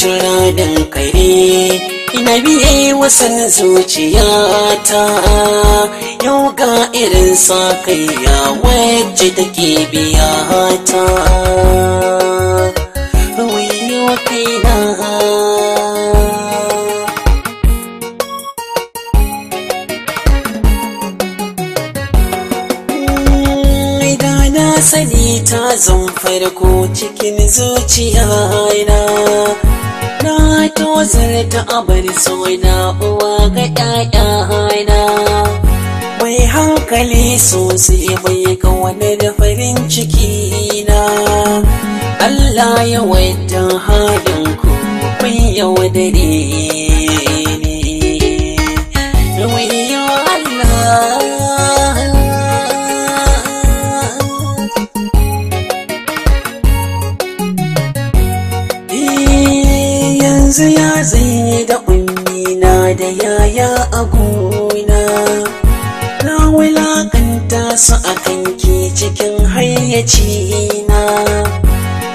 jira da kare ina biye wasan zuciyata yau ga irin sa kai ya wacce take biya ta mm, sani ta zan farko cikin zuciya na na tozar ta abar soina uwa ga haina. mai hankali sosai mai kawane da farin ciki na Allah ya wata halin ku kun yawa dare ne Allah Siya ya zai da na da yaya a gona Na wulaƙanta su a kanki cikin hayyaci na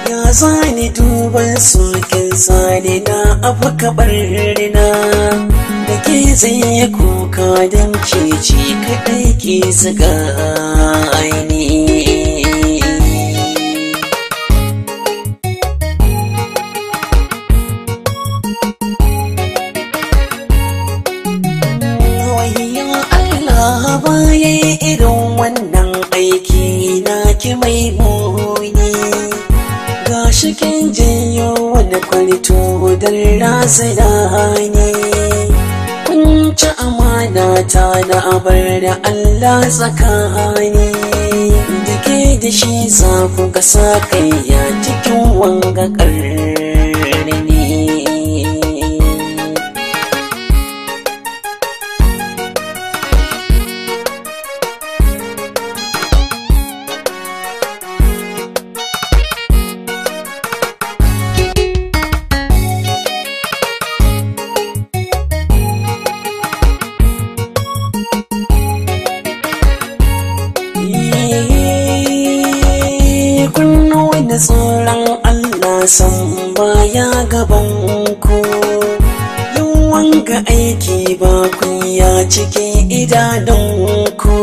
Ya zani duban sokin sani na abu kabarina Da ke zan yi kuka don ceci kaɗai ke zuga ainihi mai muni ga shi kin jiyo wani kwalito don rasa dani kun ci amana ta na abar da Allah tsakani dake da shi zafi ka sa kai ya cikin wanga kar da tsoron Allah san baya gaban ku yin wanga aiki ba kunya cikin idanun ku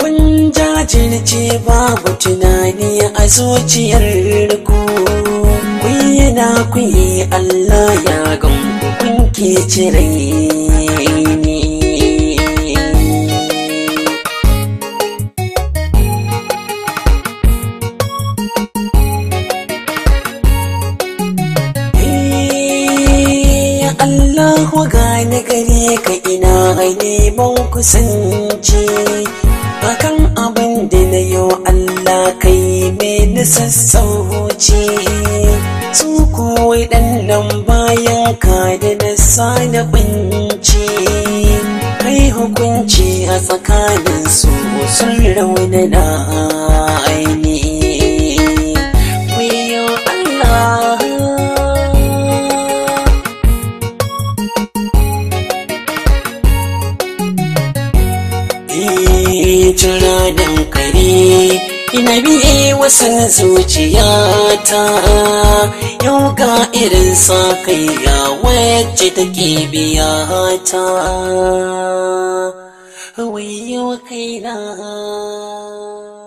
kun jajirce babu tunani a zuciyar ku yana ku yi Allah ya gan ku kun ke cire gane gare ka ina neman kusanci akan abin da na yau Allah kai mai nisassauci su kowai nan bayan ka da na sada kunci kai hukunci a tsakanin su sun na aini cira dan kare ina biye wasan zuciyata yau ga irin sa kai ya wacce take biya ta wayo na?